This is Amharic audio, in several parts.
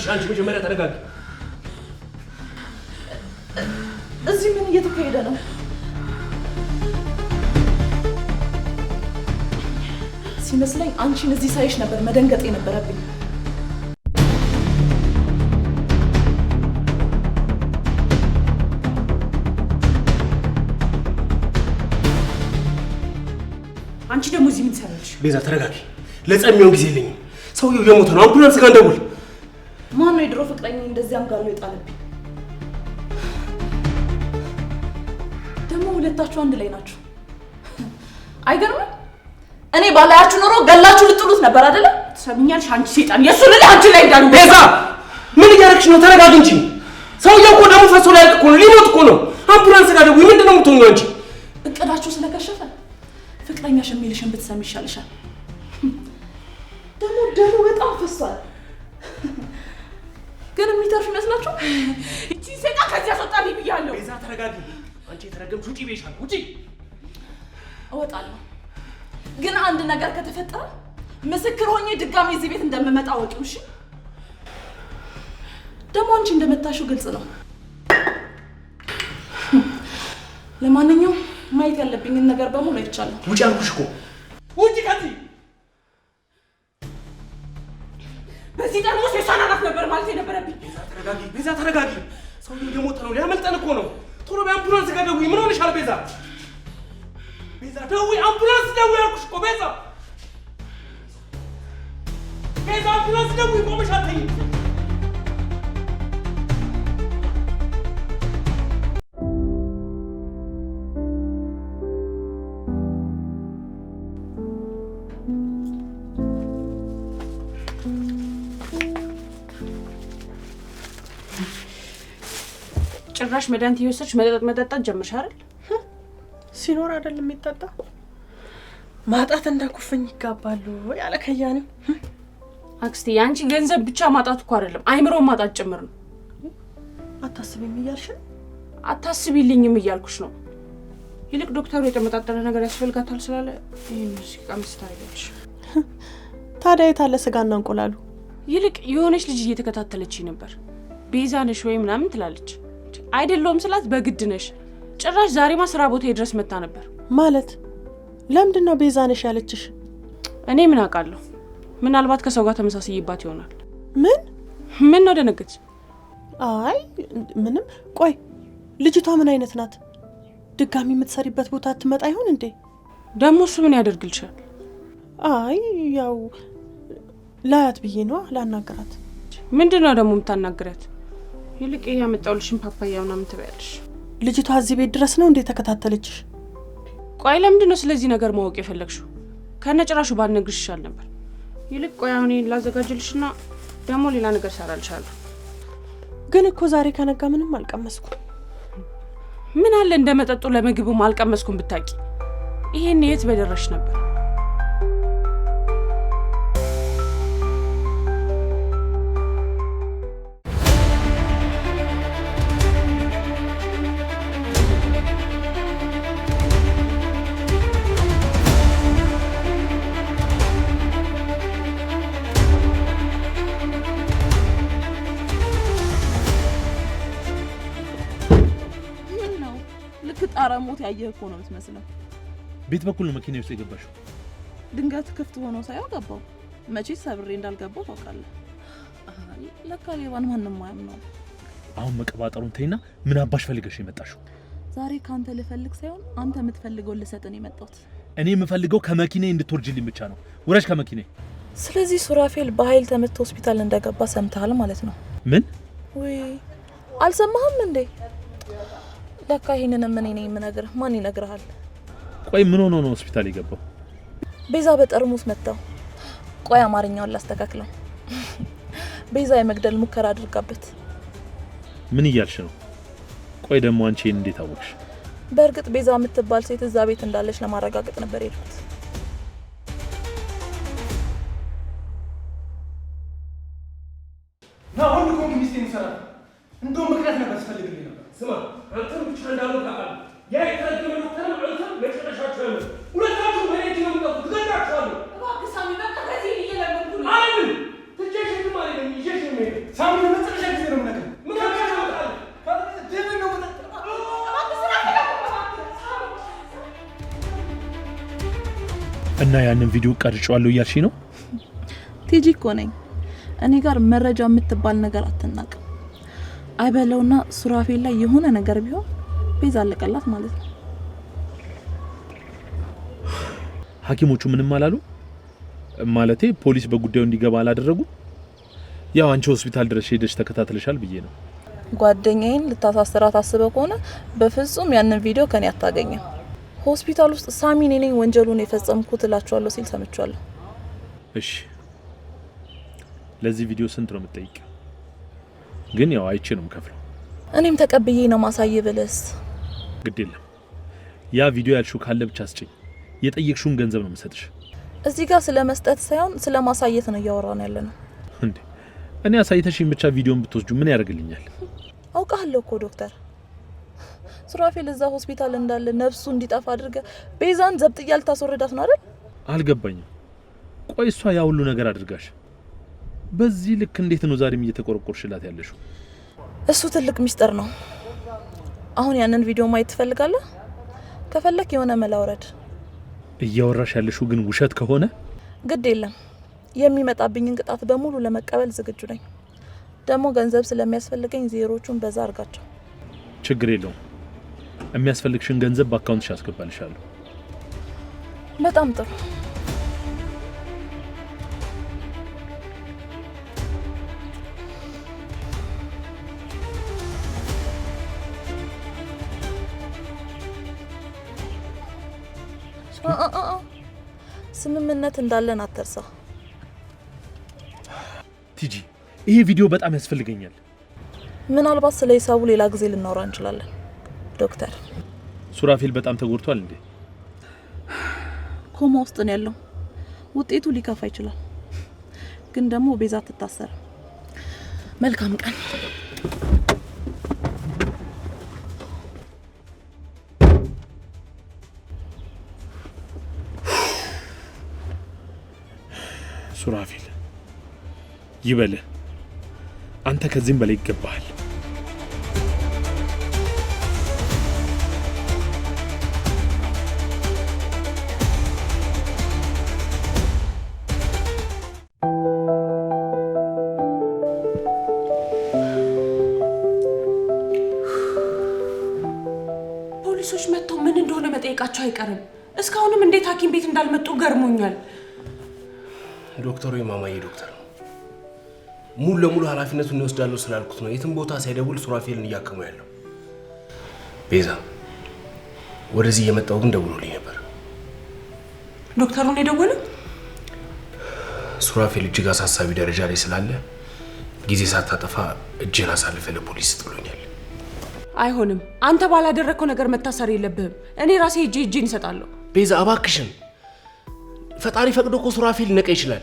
እባክሽ አንቺ መጀመሪያ ተረጋጊ። እዚህ ምን እየተካሄደ ነው? ሲመስለኝ አንቺን እዚህ ሳይሽ ነበር መደንገጥ የነበረብኝ። አንቺ ደግሞ እዚህ ምን ሰራሽ? ቤዛ ተረጋጊ። ለጸሚውን ጊዜ የለኝም። ሰውየው የሞተ ነው። አምቡላንስ ጋር እንደውል ማን ነው የድሮ ፍቅረኛ እንደዚያም ጋር ነው የጣለብኝ? ደግሞ ሁለታችሁ አንድ ላይ ናችሁ። አይገርምም? እኔ ባላያችሁ ኖሮ ገላችሁ ልጥሉት ነበር አይደለ? ትሰሚኛለሽ? አንቺ ሴጣን፣ የእሱ ልጅ አንቺ ላይ እንዳሉ ቤዛ፣ ምን እያደረግሽ ነው? ተረጋግ እንጂ። ሰውዬው እኮ ደግሞ ፈሶ ላይ እኮ ነው፣ ሊሞት እኮ ነው። አምቡላንስ ጋር ደግሞ ምንድን ነው የምትሆኚው አንቺ? እቅዳችሁ ስለከሸፈ ፍቅረኛሽ የሚልሽን ብትሰሚ ይሻልሻል። ደግሞ ደሙ በጣም ፈሷል። ግን የሚተርፍ ይመስላችሁ? እቺ ሴጣ ከዚህ አስወጣቢ ብያለሁ። ቤዛ ተረጋጊ። አንቺ የተረገምሽ ውጪ ቤሻል። ውጪ። እወጣለሁ። ግን አንድ ነገር ከተፈጠረ ምስክር ሆኜ ድጋሚ እዚህ ቤት እንደምመጣ አወቂው። እሺ? ደግሞ አንቺ እንደመታሽው ግልጽ ነው። ለማንኛውም ማየት ያለብኝን ነገር በሙሉ አይቻለሁ። ውጪ አልኩሽ እኮ ውጪ ከዚህ በዚህ ጠርሙስ የሷን አናት ነበር ማለት የነበረብኝ። ቤዛ ተረጋጊ፣ ቤዛ ተረጋጊ። ሰውዬው እየሞተ ነው፣ ሊያመልጠን እኮ ነው። ቶሎ በአምቡላንስ ጋር ደውይ። ምን ሆነሻል ቤዛ? ቤዛ ደውይ፣ አምቡላንስ ደውይ ያልኩሽ እኮ ቤዛ። ቤዛ አምቡላንስ ደውይ። ቆመሻ ተይ ጭራሽ መድኃኒት እየወሰድሽ መጠጥ መጠጣት ጀምርሽ አይደል? ሲኖር አይደለም የሚጠጣ ማጣት እንደ ኩፍኝ ይጋባሉ ያለ ከያኔው አክስቴ፣ አንቺ ገንዘብ ብቻ ማጣት እኮ አይደለም አይምሮ ማጣት ጭምር ነው። አታስቢም እያልሽ አታስቢልኝም እያልኩሽ ነው። ይልቅ ዶክተሩ የተመጣጠነ ነገር ያስፈልጋታል ስላለ ይህን ሙዚቃ ምስታ ታዲያ የታለ ስጋና እንቁላሉ? ይልቅ የሆነች ልጅ እየተከታተለችኝ ነበር ቤዛ ነሽ ወይ ምናምን ትላለች። አይደለሁም ስላት በግድ ነሽ። ጭራሽ ዛሬማ ስራ ቦታ ድረስ መታ ነበር ማለት ለምንድን ነው ቤዛ ነሽ ያለችሽ? እኔ ምን አውቃለሁ። ምናልባት ከሰው ጋር ተመሳስይባት ይሆናል። ምን ምን ነው ደነገጥሽ? አይ ምንም። ቆይ ልጅቷ ምን አይነት ናት? ድጋሚ የምትሰሪበት ቦታ ትመጣ ይሆን እንዴ? ደግሞ እሱ ምን ያደርግልሻል? አይ ያው ላያት ብዬ ነዋ። ላናገራት። ምንድን ነው ደግሞ የምታናግረት ይልቅ ያመጣውልሽን ፓፓያው ነው ትበያለሽ። ልጅቷ እዚህ ቤት ድረስ ነው እንዴ ተከታተለችሽ? ቆይ ለምንድን ነው ስለዚህ ነገር ማወቅ የፈለግሽው? ከነ ጭራሹ ባልነግርሽ ይሻል ነበር። ይልቅ ቆይ አሁን ላዘጋጅልሽና ደግሞ ሌላ ነገር ሰራልሻለሁ። ግን እኮ ዛሬ ከነጋ ምንም አልቀመስኩም። ምን አለ እንደ መጠጡ ለምግቡም አልቀመስኩም ብታቂ፣ ይሄን የት በደረሽ ነበር። ያየህ እኮ ነው የምትመስለው። ቤት በኩል ነው መኪና ውስጥ የገባሽው? ድንገት ክፍት ሆኖ ሳይሆን ገባው። መቼ ሰብሬ እንዳልገባው ታውቃለህ። ለካ ሌባን ማንም ማያም ነው። አሁን መቀባጠሩን ተይና፣ ምን አባሽ ፈልገሽ የመጣሽው? ዛሬ ከአንተ ልፈልግ ሳይሆን አንተ የምትፈልገው ልሰጥን የመጣሁት። እኔ የምፈልገው ከመኪና እንድትወርጅልኝ ብቻ ነው። ውረጅ ከመኪና። ስለዚህ ሱራፌል በኃይል ተመትቶ ሆስፒታል እንደገባ ሰምተሃል ማለት ነው? ምን? ወይ አልሰማህም እንዴ? ለካ ይሄንንም እኔ ነኝ የምነግርህ። ማን ይነግርሃል? ቆይ ምን ሆኖ ነው ሆስፒታል የገባው? ቤዛ በጠርሙስ መታው። ቆይ አማርኛውን ላስተካክለው። ቤዛ የመግደል ሙከራ አድርጋበት። ምን እያልሽ ነው? ቆይ ደግሞ አንቺ ይህን እንዴት አወቅሽ? በእርግጥ ቤዛ የምትባል ሴት እዛ ቤት እንዳለች ለማረጋገጥ ነበር የሄድኩት። እንደውም ምክንያት ነበር ስፈልግልኝ ነበር። ስማ አንተም ብቻ እንዳሉ ታውቃለህ። ያ የተረገመ አንተም መጨረሻቸው ሁለታችሁ በሬጅ ነው እባክህ ሳሚ በቃ ከዚህ አይደለም ሳሚ መጨረሻ ጊዜ ነው እና ያንን ቪዲዮ ቀርጫለሁ እያልሽ ነው? ቲጂ እኮ ነኝ። እኔ ጋር መረጃ የምትባል ነገር አትናቅ። አይበለውና ሱራፌል ላይ የሆነ ነገር ቢሆን ቤዛ አለቀላት ማለት ነው። ሐኪሞቹ ምንም አላሉ ማለቴ ፖሊስ በጉዳዩ እንዲገባ አላደረጉ። ያው አንቺ ሆስፒታል ድረስ ሄደሽ ተከታትለሻል ብዬ ነው። ጓደኛዬን ልታሳስራ ታስበ ከሆነ በፍጹም ያንን ቪዲዮ ከኔ አታገኝም። ሆስፒታል ውስጥ ሳሚ እኔ ነኝ ወንጀሉን የፈጸምኩት እላችኋለሁ ሲል ሰምቻለሁ። እሺ ለዚህ ቪዲዮ ስንት ነው የምጠይቀው ግን ያው አይችልም ነው እኔም ተቀብዬ ነው ማሳይ ብልስ ግድ የለም ያ ቪዲዮ ያልሹ ካለ ብቻ አስጭኝ። የጠየቅሽውን ገንዘብ ነው የምሰጥሽ። እዚህ ጋር ስለ መስጠት ሳይሆን ስለ ማሳየት ነው እያወራን ያለ ነው። እንዴ እኔ አሳይተሽኝ ብቻ ቪዲዮን ብትወስጁ ምን ያደርግልኛል? አውቃለሁ እኮ ዶክተር ሱራፌል እዛ ሆስፒታል እንዳለ ነፍሱ እንዲጠፋ አድርገ ቤዛን ዘብጥ እያልታስወረዳት ነው አይደል? አልገባኝም። ቆይ እሷ ያ ሁሉ ነገር አድርጋሽ በዚህ ልክ እንዴት ነው ዛሬም እየተቆረቆርሽላት ያለሽው? እሱ ትልቅ ሚስጥር ነው። አሁን ያንን ቪዲዮ ማየት ትፈልጋለህ? ከፈለክ የሆነ መላውረድ እያወራሽ ያለሽው ግን ውሸት ከሆነ ግድ የለም የሚመጣብኝን ቅጣት በሙሉ ለመቀበል ዝግጁ ነኝ። ደግሞ ገንዘብ ስለሚያስፈልገኝ ዜሮቹን በዛ አርጋቸው። ችግር የለውም። የሚያስፈልግሽን ገንዘብ በአካውንትሽ አስገባልሻለሁ። በጣም ጥሩ ስምምነት እንዳለን አትርሳ። ቲጂ፣ ይሄ ቪዲዮ በጣም ያስፈልገኛል። ምናልባት ስለ ሂሳቡ ሌላ ጊዜ ልናወራ እንችላለን። ዶክተር ሱራፌል በጣም ተጎድቷል እንዴ? ኮማ ውስጥ ነው ያለው። ውጤቱ ሊከፋ ይችላል፣ ግን ደግሞ ቤዛ ትታሰር። መልካም ቀን ሱራፊል ይበልህ፣ አንተ ከዚህም በላይ ይገባሃል። ዶክተሩ የማማዬ ዶክተር ነው። ሙሉ ለሙሉ ኃላፊነቱን እንወስዳለሁ ስላልኩት ነው የትም ቦታ ሳይደውል ሱራፌልን እያከሙ ያለው። ቤዛ ወደዚህ እየመጣው ግን ደውሎልኝ ነበር። ዶክተሩ ነው ሱራፌል እጅግ አሳሳቢ ደረጃ ላይ ስላለ ጊዜ ሳታጠፋ እጅን አሳልፈ ለፖሊስ ጥሎኛል። አይሆንም። አንተ ባላደረግከው ነገር መታሰር የለብህም። እኔ ራሴ እጅ እጅን ይሰጣለሁ። ቤዛ እባክሽን፣ ፈጣሪ ፈቅዶ እኮ ሱራፌል ሊነቃ ይችላል።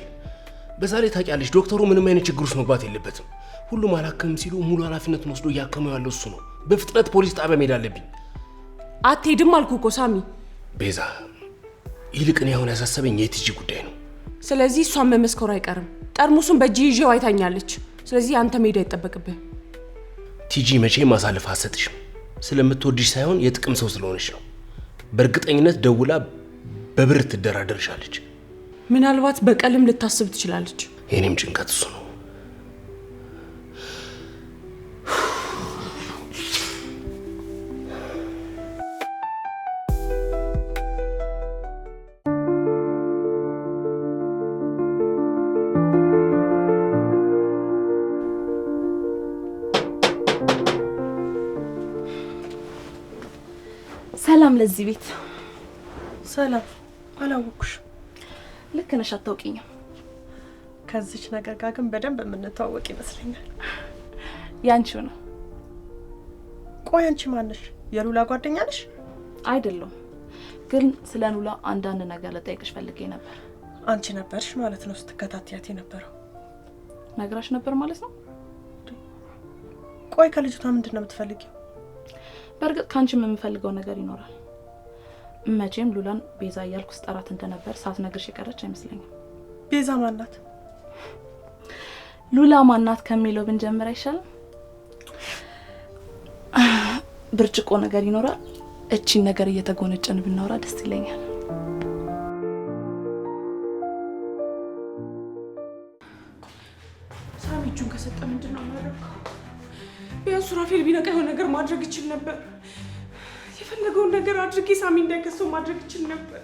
በዛ ላይ ታውቂያለሽ፣ ዶክተሩ ምንም አይነት ችግር ውስጥ መግባት የለበትም። ሁሉም አላከምም ሲሉ ሙሉ ኃላፊነቱን ወስዶ እያከመው ያለው እሱ ነው። በፍጥነት ፖሊስ ጣቢያ መሄድ አለብኝ። አትሄድም አልኩ እኮ ሳሚ። ቤዛ፣ ይልቅ እኔ አሁን ያሳሰበኝ የቲጂ ጉዳይ ነው። ስለዚህ እሷን መመስከሩ አይቀርም። ጠርሙሱን በእጅ ይዤው አይታኛለች። ስለዚህ አንተ መሄድ አይጠበቅብህ። ቲጂ መቼም አሳልፍ አትሰጥሽም። ስለምትወድሽ ሳይሆን የጥቅም ሰው ስለሆነች ነው። በእርግጠኝነት ደውላ በብር ትደራደርሻለች። ምናልባት በቀልም ልታስብ ትችላለች። የኔም ጭንቀት እሱ ነው። ሰላም ለዚህ ቤት ሰላም ነሽ አታውቂኝም። ከዚች ነገር ጋር ግን በደንብ የምንተዋወቅ ይመስለኛል። ያንቺው ነው። ቆይ አንቺ ማነሽ? የሉላ ጓደኛ ነሽ? አይደለም። ግን ስለ ሉላ አንዳንድ ነገር ልጠይቅሽ ፈልጌ ነበር። አንቺ ነበርሽ ማለት ነው ስትከታተያት የነበረው? ነግራሽ ነበር ማለት ነው። ቆይ ከልጅቷ ምንድን ነው የምትፈልጊው? በእርግጥ ከአንቺ የምፈልገው ነገር ይኖራል መቼም ሉላን ቤዛ እያልኩ ስጠራት እንደነበር ሳትነግርሽ የቀረች አይመስለኝም። ቤዛ ማናት? ሉላ ማናት ከሚለው ብንጀምር አይሻልም? ብርጭቆ ነገር ይኖራል። እቺን ነገር እየተጎነጨን ብናወራ ደስ ይለኛል። ሳሚ እጁን ከሰጠ ምንድን ነው ያደረገው? ቢያንስ ሱራፌል ቢነቃ የሆነ ነገር ማድረግ ይችል ነበር። የፈለገውን ነገር አድርጌ ሳሚ እንዳይከሰው ማድረግ ይችል ነበር።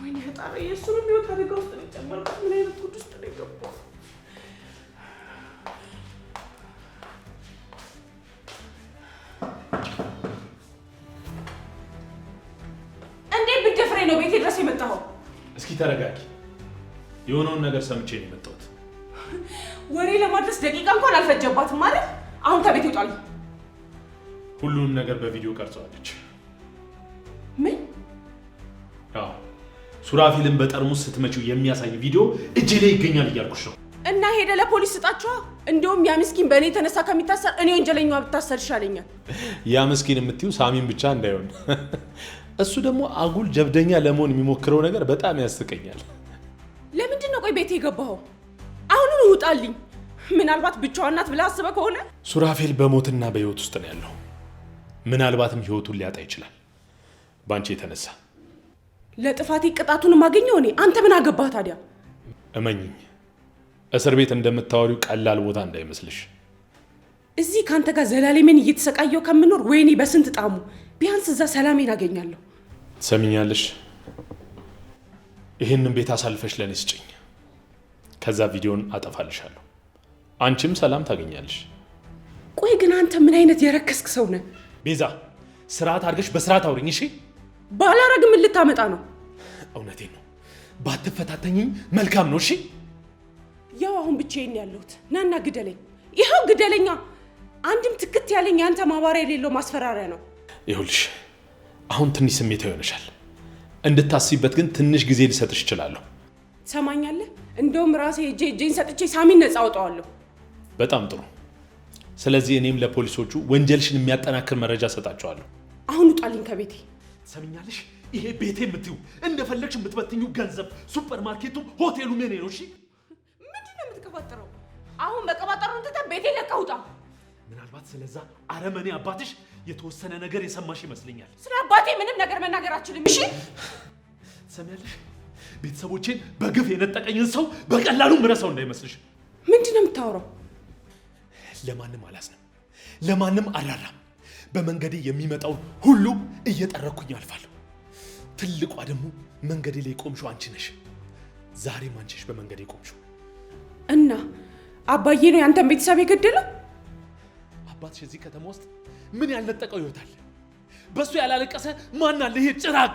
ወይኔ ፈጣሪ፣ የእሱን ህይወት አደጋ ውስጥ ነው የጨመርኩት። ምን አይነት ጉድ ውስጥ ነው የገባው? እንዴት ብደፍሬ ነው ቤቴ ድረስ የመጣኸው? እስኪ ተረጋጊ። የሆነውን ነገር ሰምቼ ነው የመጣሁት። ወሬ ለማድረስ ደቂቃ እንኳን አልፈጀባትም ማለት። አሁን ከቤት ይውጣሉ። ሁሉንም ነገር በቪዲዮ ቀርጸዋለች። ምን? አዎ ሱራፊልን በጠርሙስ ስትመጪው የሚያሳይ ቪዲዮ እጄ ላይ ይገኛል እያልኩሽ ነው። እና ሄደ ለፖሊስ ስጣችኋ። እንዲሁም ያ ምስኪን በእኔ የተነሳ ከሚታሰር እኔ ወንጀለኛ ብታሰር ይሻለኛል። ያ ምስኪን የምትዩ ሳሚን ብቻ እንዳይሆን። እሱ ደግሞ አጉል ጀብደኛ ለመሆን የሚሞክረው ነገር በጣም ያስቀኛል። ለምንድን ነው ቆይ ቤቴ የገባኸው? አሁኑን ውጣልኝ። ምናልባት ብቻዋን ናት ብለህ አስበህ ከሆነ ሱራፌል በሞትና በህይወት ውስጥ ነው ያለው ምናልባትም ህይወቱን ሊያጣ ይችላል በአንቺ የተነሳ። ለጥፋቴ ቅጣቱን ማገኘው እኔ። አንተ ምን አገባህ ታዲያ? እመኝኝ፣ እስር ቤት እንደምታወሪው ቀላል ቦታ እንዳይመስልሽ። እዚህ ከአንተ ጋር ዘላለሜን እየተሰቃየው ከምኖር ወይኔ በስንት ጣሙ፣ ቢያንስ እዛ ሰላሜን አገኛለሁ። ትሰሚኛለሽ? ይህንን ቤት አሳልፈሽ ለእኔ ስጭኝ። ከዛ ቪዲዮን አጠፋልሻለሁ፣ አንቺም ሰላም ታገኛለሽ። ቆይ ግን አንተ ምን አይነት የረከስክ ሰው ነህ? ቤዛ ስርዓት አድርገሽ በስርዓት አውሪኝ። እሺ ባላረግ ምን ልታመጣ ነው? እውነቴን ነው። ባትፈታተኝኝ መልካም ነው። እሺ ያው አሁን ብቻዬን ያለሁት ናና ግደለኝ። ይኸው ግደለኛ። አንድም ትክት ያለኝ የአንተ ማባሪያ የሌለው ማስፈራሪያ ነው። ይኸውልሽ አሁን ትንሽ ስሜታ ይሆነሻል። እንድታስቢበት ግን ትንሽ ጊዜ ልሰጥሽ እችላለሁ። ትሰማኛለህ? እንደውም ራሴ እጄ እጄን ሰጥቼ ሳሚን ነፃ አውጣዋለሁ። በጣም ጥሩ ስለዚህ እኔም ለፖሊሶቹ ወንጀልሽን የሚያጠናክር መረጃ ሰጣቸዋለሁ። አሁን ውጣልኝ ከቤቴ ሰምኛለሽ። ይሄ ቤቴ የምትዩ እንደፈለግሽ የምትበትኙ ገንዘብ፣ ሱፐርማርኬቱ ሆቴሉ ምን ነው? እሺ ምንድን ነው አሁን መቀባጠሩን ትተህ ቤቴ ለቀህ ውጣ። ምናልባት ስለዛ አረመኔ አባትሽ የተወሰነ ነገር የሰማሽ ይመስለኛል። ስለ አባቴ ምንም ነገር መናገር አችልም። እሺ ሰሚያለሽ፣ ቤተሰቦቼን በግፍ የነጠቀኝን ሰው በቀላሉ ምረሰው እንዳይመስልሽ። ምንድን ነው የምታወራው? ለማንም አላዝንም፣ ለማንም አልራራም። በመንገዴ የሚመጣውን ሁሉ እየጠረኩኝ አልፋለሁ። ትልቋ ደግሞ መንገዴ ላይ ቆምሽው አንቺ ነሽ። ዛሬም አንቺ በመንገዴ ቆምሽው። እና አባዬ ነው ያንተን ቤተሰብ የገደለው? አባትሽ እዚህ ከተማ ውስጥ ምን ያልነጠቀው ይወታል? በእሱ ያላለቀሰ ማን አለ? ይሄ ጭራቅ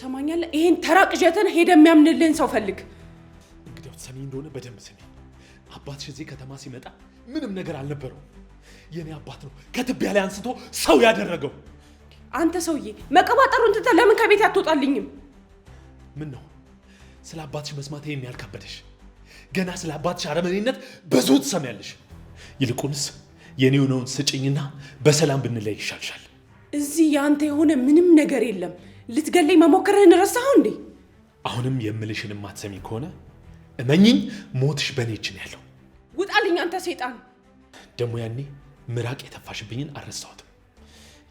ሰማኛለ። ይሄን ተራቅ ቅዠትን ሄደ የሚያምንልህን ሰው ፈልግ። እንግዲያው ትሰሚ እንደሆነ በደንብ ስሚ። አባትሽ እዚህ ከተማ ሲመጣ ምንም ነገር አልነበረው የኔ አባት ነው ከትቢያ ላይ አንስቶ ሰው ያደረገው። አንተ ሰውዬ መቀባጠሩን ትተህ ለምን ከቤት አትወጣልኝም? ምን ነው ስለ አባትሽ መስማት ይሄን ያልከበደሽ? ገና ስለ አባትሽ አረመኔነት ብዙ ትሰሚያለሽ። ይልቁንስ የኔ የሆነውን ስጭኝና በሰላም ብንለይ ይሻልሻል። እዚህ የአንተ የሆነ ምንም ነገር የለም። ልትገለኝ መሞከርህን ረሳሁ እንዴ? አሁንም የምልሽን የማትሰሚ ከሆነ እመኝኝ ሞትሽ በእኔ እጅ ነው ያለው። አውጣልኝ አንተ ሰይጣን። ደግሞ ያኔ ምራቅ የተፋሽብኝን አልረሳሁትም።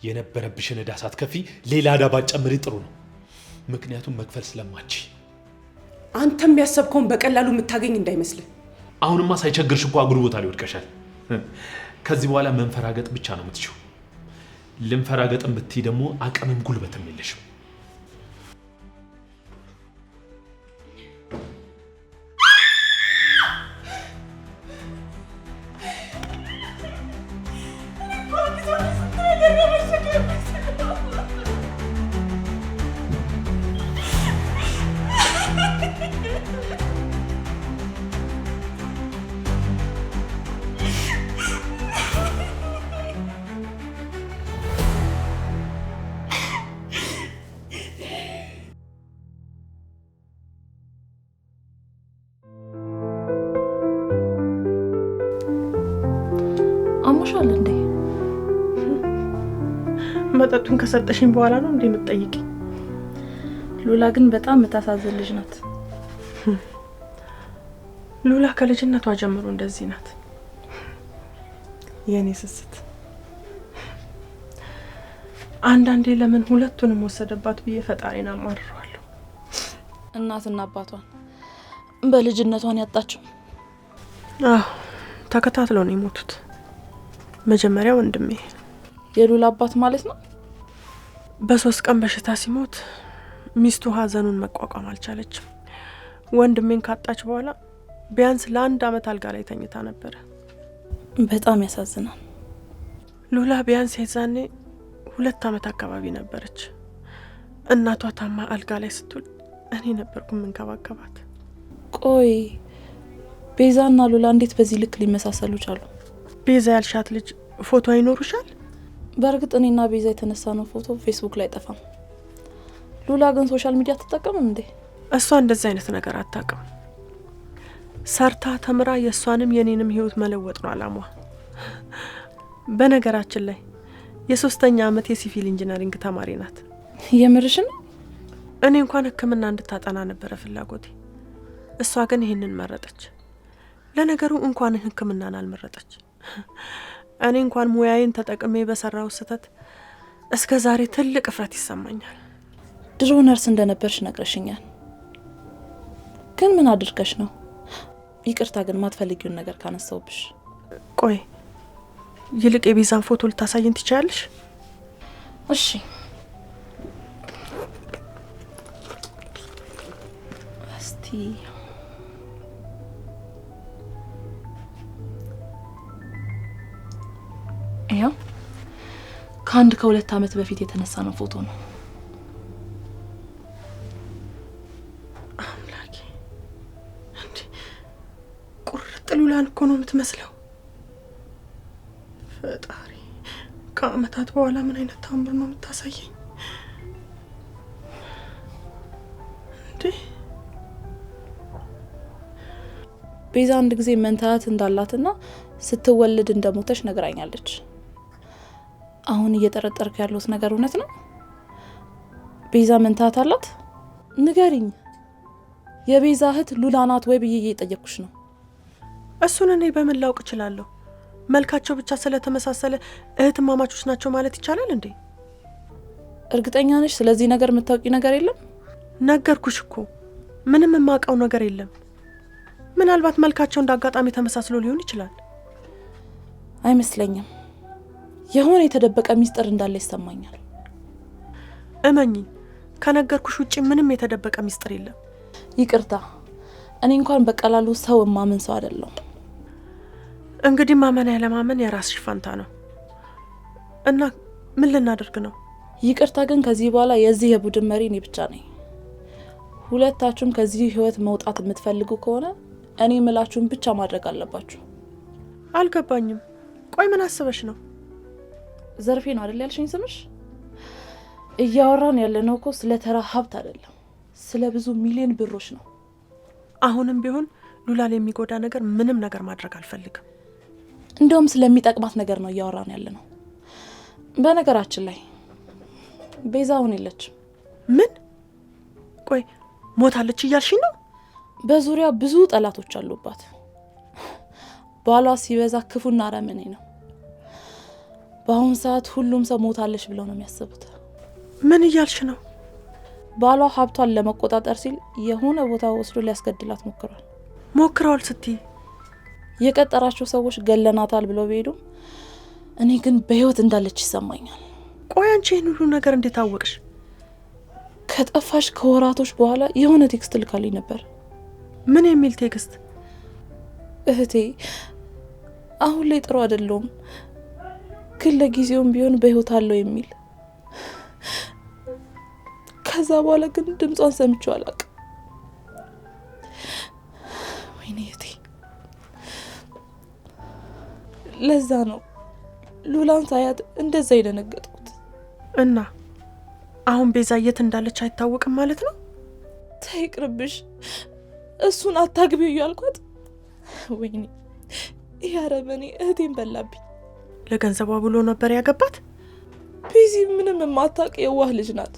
የነበረብሽን ዕዳ ሳትከፊ ሌላ ዕዳ ባትጨምሪ ጥሩ ነው፣ ምክንያቱም መክፈል ስለማች። አንተም ያሰብከውን በቀላሉ የምታገኝ እንዳይመስልህ። አሁንማ ሳይቸግርሽ እኮ አጉል ቦታ ሊወድቀሻል። ከዚህ በኋላ መንፈራገጥ ብቻ ነው የምትችው። ልንፈራገጥን ብትይ ደግሞ አቅምም ጉልበትም የለሽም። መጠጡን ከሰጠሽኝ በኋላ ነው እንዴ የምትጠይቅኝ? ሉላ ግን በጣም የምታሳዝን ልጅ ናት። ሉላ ከልጅነቷ ጀምሮ እንደዚህ ናት። የእኔ ስስት አንዳንዴ ለምን ሁለቱንም ወሰደባት ብዬ ፈጣሪን አማርሯለሁ። እናትና አባቷን በልጅነቷን ያጣችው። አዎ ተከታትለው ነው የሞቱት። መጀመሪያ ወንድሜ የሉላ አባት ማለት ነው። በሶስት ቀን በሽታ ሲሞት ሚስቱ ሀዘኑን መቋቋም አልቻለችም። ወንድሜን ካጣች በኋላ ቢያንስ ለአንድ አመት አልጋ ላይ ተኝታ ነበረ። በጣም ያሳዝናል። ሉላ ቢያንስ የዛኔ ሁለት አመት አካባቢ ነበረች። እናቷ ታማ አልጋ ላይ ስትውል እኔ ነበርኩ የምንከባከባት። ቆይ ቤዛና ሉላ እንዴት በዚህ ልክ ሊመሳሰሉ ቻሉ? ቤዛ ያልሻት ልጅ ፎቶ አይኖሩሻል? በእርግጥ እኔና ቤዛ የተነሳ ነው ፎቶ ፌስቡክ ላይ አይጠፋም። ሉላ ግን ሶሻል ሚዲያ አትጠቀምም እንዴ? እሷ እንደዚህ አይነት ነገር አታውቅም። ሰርታ ተምራ የእሷንም የኔንም ህይወት መለወጥ ነው አላሟ። በነገራችን ላይ የሶስተኛ አመት የሲቪል ኢንጂነሪንግ ተማሪ ናት። የምርሽን? እኔ እንኳን ሕክምና እንድታጠና ነበረ ፍላጎቴ። እሷ ግን ይህንን መረጠች። ለነገሩ እንኳን ሕክምናን አልመረጠች። እኔ እንኳን ሙያዬን ተጠቅሜ በሰራው ስህተት እስከ ዛሬ ትልቅ እፍረት ይሰማኛል። ድሮ ነርስ እንደነበርሽ ነግረሽኛል። ግን ምን አድርገሽ ነው? ይቅርታ ግን ማትፈልጊውን ነገር ካነሳውብሽ። ቆይ ይልቅ የቤዛን ፎቶ ልታሳይን ትችያለሽ? እሺ። እስቲ ይኸው ከአንድ ከሁለት ዓመት በፊት የተነሳ ነው ፎቶ ነው። አምላኬ እንዴ! ቁርጥ ሉላን እኮ ነው የምትመስለው። ፈጣሪ ከአመታት በኋላ ምን አይነት ታምር ነው የምታሳየኝ? እንዴ! ቤዛ አንድ ጊዜ መንታት እንዳላትና ስትወለድ እንደሞተች ነግራኛለች። አሁን እየጠረጠርኩ ያለሁት ነገር እውነት ነው? ቤዛ መንታት አላት? ንገሪኝ። የቤዛ እህት ሉላ ናት ወይ ብዬ እየጠየቅኩሽ ነው። እሱን እኔ በምን ላውቅ እችላለሁ? መልካቸው ብቻ ስለተመሳሰለ እህትማማቾች ናቸው ማለት ይቻላል እንዴ? እርግጠኛ ነሽ? ስለዚህ ነገር የምታውቂ ነገር የለም? ነገርኩሽ እኮ ምንም የማውቀው ነገር የለም። ምናልባት መልካቸው እንደ አጋጣሚ ተመሳስሎ ሊሆን ይችላል። አይመስለኝም። የሆነ የተደበቀ ሚስጥር እንዳለ ይሰማኛል። እመኝ ከነገርኩሽ ውጭ ምንም የተደበቀ ሚስጥር የለም። ይቅርታ፣ እኔ እንኳን በቀላሉ ሰው ማመን ሰው አይደለሁም። እንግዲህ ማመን ያለማመን የራስሽ ፈንታ ነው እና ምን ልናደርግ ነው? ይቅርታ ግን ከዚህ በኋላ የዚህ የቡድን መሪ እኔ ብቻ ነኝ። ሁለታችሁም ከዚህ ህይወት መውጣት የምትፈልጉ ከሆነ እኔ ምላችሁን ብቻ ማድረግ አለባችሁ። አልገባኝም። ቆይ ምን አስበሽ ነው? ዘርፌ ነው አይደል ያልሽኝ ስምሽ? እያወራን ያለነው እኮ ስለ ተራ ሀብት አይደለም፣ ስለ ብዙ ሚሊዮን ብሮች ነው። አሁንም ቢሆን ሉላል የሚጎዳ ነገር ምንም ነገር ማድረግ አልፈልግም። እንደውም ስለሚጠቅማት ነገር ነው እያወራን ያለ ነው። በነገራችን ላይ ቤዛ አሁን የለችም። ምን? ቆይ ሞታለች እያልሽኝ ነው? በዙሪያ ብዙ ጠላቶች አሉባት። ባሏ ሲበዛ ክፉና አረመኔ ነው። በአሁኑ ሰዓት ሁሉም ሰው ሞታለች ብለው ነው የሚያስቡት። ምን እያልሽ ነው? ባሏ ሀብቷን ለመቆጣጠር ሲል የሆነ ቦታ ወስዶ ሊያስገድላት ሞክሯል። ሞክረዋል ስትይ የቀጠራቸው ሰዎች ገለናታል ብለው ቢሄዱም እኔ ግን በህይወት እንዳለች ይሰማኛል። ቆይ አንቺ ይህን ሁሉ ነገር እንዴት አወቅሽ? ከጠፋሽ ከወራቶች በኋላ የሆነ ቴክስት ልካልኝ ነበር። ምን የሚል ቴክስት? እህቴ አሁን ላይ ጥሩ አይደለሁም ግን ለጊዜውም ቢሆን በህይወት አለው የሚል ከዛ በኋላ ግን ድምጿን ሰምቼ አላውቅም። ወይኔ ለዛ ነው ሉላን ሳያት እንደዛ የደነገጥኩት። እና አሁን ቤዛ የት እንዳለች አይታወቅም ማለት ነው? ተይቅርብሽ፣ እሱን አታግቢው እያልኳት፣ ወይኔ ይህ እህቴን በላብኝ። ለገንዘቧ ብሎ ነበር ያገባት። ቢዚ ምንም የማታውቅ የዋህ ልጅ ናት።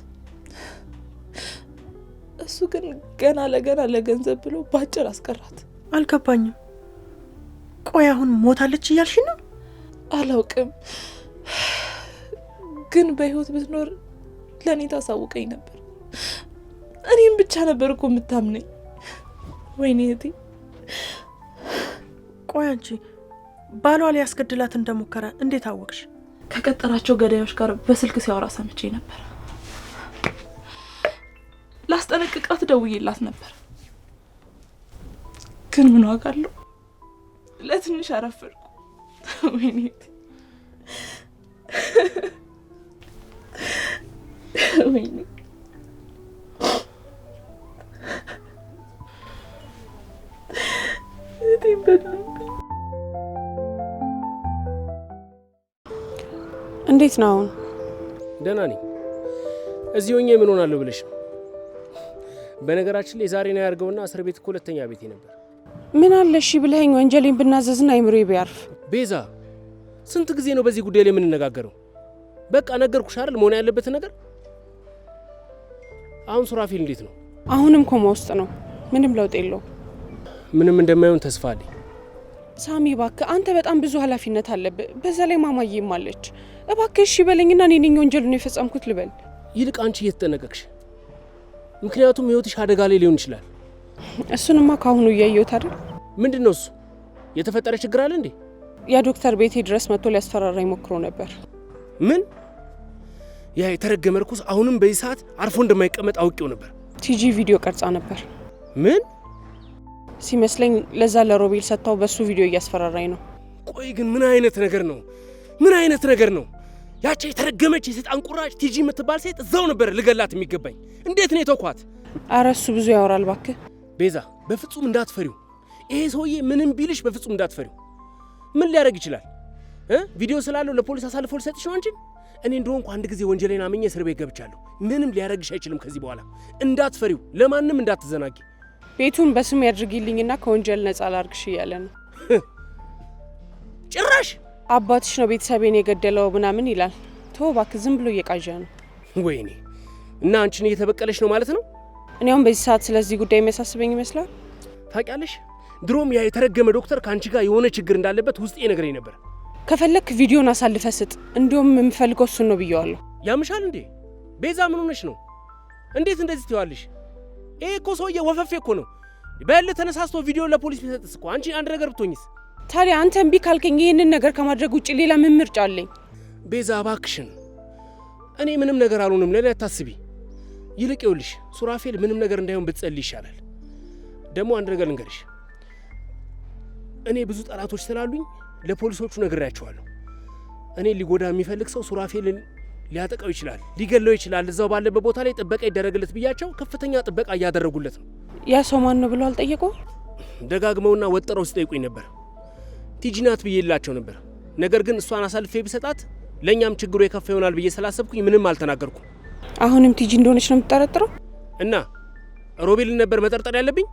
እሱ ግን ገና ለገና ለገንዘብ ብሎ ባጭር አስቀራት። አልገባኝም። ቆይ አሁን ሞታለች እያልሽ ነው? አላውቅም፣ ግን በህይወት ብትኖር ለእኔ ታሳውቀኝ ነበር። እኔም ብቻ ነበር እኮ የምታምነኝ። ወይኔ እህቴ ቆይ አንቺ ባሏ ሊያስገድላት እንደሞከረ እንዴት አወቅሽ? ከቀጠራቸው ገዳዮች ጋር በስልክ ሲያወራ ሰምቼ ነበር። ላስጠነቅቃት ደውዬላት ነበር፣ ግን ምን ዋጋ አለው? ለትንሽ አረፈድኩ። ወይኔት ወይኔ እህቴን በድለኝ እንዴት ነው አሁን? ደህና ነኝ። እዚህ ሆኜ ምን ሆናለሁ ብለሽ ነው? በነገራችን ላይ ዛሬ ነው ያድርገውና እስር ቤት ሁለተኛ ቤቴ ነበር። ምን አለ እሺ ብለኸኝ ወንጀሌን ብናዘዝና አይምሮ ቢያርፍ። ቤዛ፣ ስንት ጊዜ ነው በዚህ ጉዳይ ላይ የምንነጋገረው? በቃ ነገርኩሽ አይደል መሆን ያለበት ነገር። አሁን ሱራፊል እንዴት ነው? አሁንም ኮማ ውስጥ ነው። ምንም ለውጥ የለው። ምንም እንደማይሆን ተስፋ አለኝ። ሳሚ እባክህ አንተ በጣም ብዙ ኃላፊነት አለብህ። በዛ ላይ ማማዬም አለች። እባክሽ ይበለኝና እኔ ነኝ ወንጀል ነው የፈጸምኩት ልበል። ይልቅ አንቺ እየተጠነቀቅሽ፣ ምክንያቱም ህይወትሽ አደጋ ላይ ሊሆን ይችላል። እሱንማ ከአሁኑ እያየሁት አይደል። ምንድን ነው እሱ? የተፈጠረ ችግር አለ እንዴ? ያ ዶክተር ቤቴ ድረስ መጥቶ ሊያስፈራራኝ ሞክሮ ነበር። ምን? ያ የተረገመ ርኩስ አሁንም በዚህ ሰዓት አርፎ እንደማይቀመጥ አውቄው ነበር። ቲጂ ቪዲዮ ቀርጻ ነበር። ምን ሲመስለኝ ለዛ ለሮቤል ሰጥተው በሱ ቪዲዮ እያስፈራራኝ ነው። ቆይ ግን ምን አይነት ነገር ነው? ምን አይነት ነገር ነው? ያቺ የተረገመች የሰይጣን ቁራጭ ቲጂ የምትባል ሴት እዛው ነበር ልገላት የሚገባኝ። እንዴት ነው የተኳት? አረ እሱ ብዙ ያወራል እባክህ ቤዛ። በፍጹም እንዳትፈሪው። ይሄ ሰውዬ ምንም ቢልሽ በፍጹም እንዳትፈሪው። ምን ሊያደርግ ይችላል? ቪዲዮ ስላለው ለፖሊስ አሳልፎ ልሰጥሽ ነው እንጂ እኔ እንኳ አንድ ጊዜ ወንጀሌን አምኜ እስር ቤት ገብቻለሁ። ምንም ሊያደርግሽ አይችልም። ከዚህ በኋላ እንዳትፈሪው፣ ለማንም እንዳትዘናጊ። ቤቱን በስም ያድርግልኝና ከወንጀል ነጻ ላርግሽ እያለ ነው ጭራሽ አባትሽ ነው ቤተሰቤን የገደለው ምናምን ይላል። ቶ እባክህ ዝም ብሎ እየቃዣ ነው። ወይኔ እና አንቺን እየተበቀለች ነው ማለት ነው። እኔውም በዚህ ሰዓት ስለዚህ ጉዳይ የሚያሳስበኝ ይመስላል። ታውቂያለሽ፣ ድሮም ያ የተረገመ ዶክተር ከአንቺ ጋር የሆነ ችግር እንዳለበት ውስጤ ነግረኝ ነበር። ከፈለክ ቪዲዮን አሳልፈ ስጥ። እንዲሁም የምፈልገው እሱን ነው ብየዋለሁ። ያምሻል እንዴ ቤዛ? ምን ሆነሽ ነው? እንዴት እንደዚህ ትዋልሽ? ይሄ እኮ ሰውዬ ወፈፌ እኮ ነው። በል ተነሳስቶ ቪዲዮ ለፖሊስ ቢሰጥስ እኮ አንቺ አንድ ነገር ብትሆኝስ? ታዲያ አንተ እምቢ ካልከኝ ይህንን ነገር ከማድረግ ውጭ ሌላ ምን ምርጫ አለኝ? ቤዛ እባክሽን፣ እኔ ምንም ነገር አልሆንም። ለኔ አታስቢ። ይልቅ ይኸውልሽ ሱራፌል ምንም ነገር እንዳይሆን ብትጸልይ ይሻላል። ደግሞ አንድ ነገር ልንገርሽ፣ እኔ ብዙ ጠላቶች ስላሉኝ ለፖሊሶቹ ነግሬያቸዋለሁ። እኔ ሊጎዳ የሚፈልግ ሰው ሱራፌልን ሊያጠቀው ይችላል፣ ሊገለው ይችላል። እዛው ባለበት ቦታ ላይ ጥበቃ ይደረግለት ብያቸው ከፍተኛ ጥበቃ እያደረጉለት ነው። ያ ሰው ማን ነው ብሎ አልጠየቁ? ደጋግመውና ወጥረው ሲጠይቁኝ ነበር። ቲጂ ናት ብዬ ነበር። ነገር ግን እሷን አሳልፌ ብሰጣት ለእኛም ችግሩ የከፋ ይሆናል ብዬ ስላሰብኩኝ ምንም አልተናገርኩም። አሁንም ቲጂ እንደሆነች ነው የምትጠረጥረው? እና ሮቤልን ነበር መጠርጠር ያለብኝ?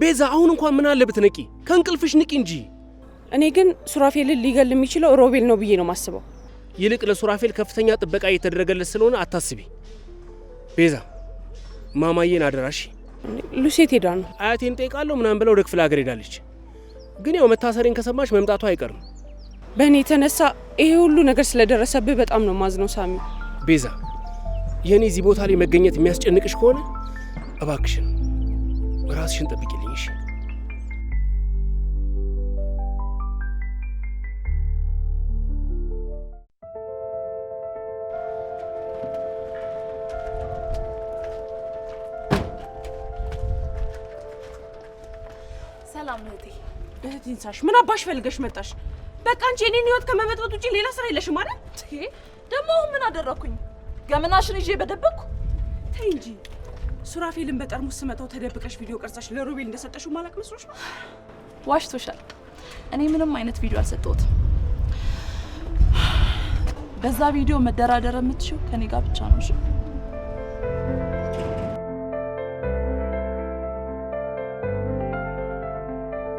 ቤዛ አሁን እንኳን ምን አለ ብትንቂ፣ ከእንቅልፍሽ ንቂ እንጂ። እኔ ግን ሱራፌልን ሊገል የሚችለው ሮቤል ነው ብዬ ነው ማስበው። ይልቅ ለሱራፌል ከፍተኛ ጥበቃ እየተደረገለት ስለሆነ አታስቢ ቤዛ። ማማዬን አደራሽ። ሉሴት ሄዳ ነው አያቴን ጠይቃለሁ ምናምን ብላ ወደ ክፍለ ሀገር ሄዳለች። ግን ያው መታሰሬን ከሰማሽ መምጣቱ አይቀርም። በእኔ የተነሳ ይሄ ሁሉ ነገር ስለደረሰብህ በጣም ነው ማዝነው ሳሚ። ቤዛ የእኔ እዚህ ቦታ ላይ መገኘት የሚያስጨንቅሽ ከሆነ እባክሽን ራስሽን ጠብቂልኝ። ይንሳሽ። ምን አባሽ ፈልገሽ መጣሽ? በቃ አንቺ የኔን ህይወት ከመበጥበጥ ውጪ ሌላ ስራ የለሽም አይደል? ደግሞ አሁን ምን አደረኩኝ? ገመናሽን ይዤ በደበቅኩ። ተይ እንጂ ሱራፌልን በጠርሙስ ስመታው ተደብቀሽ ቪዲዮ ቀርጻሽ ለሮቤል እንደሰጠሽው ማላቅ መስሎሽ ነው? ዋሽቶሻል። እኔ ምንም አይነት ቪዲዮ አልሰጠሁትም። በዛ ቪዲዮ መደራደር የምትችው ከኔ ጋር ብቻ ነው።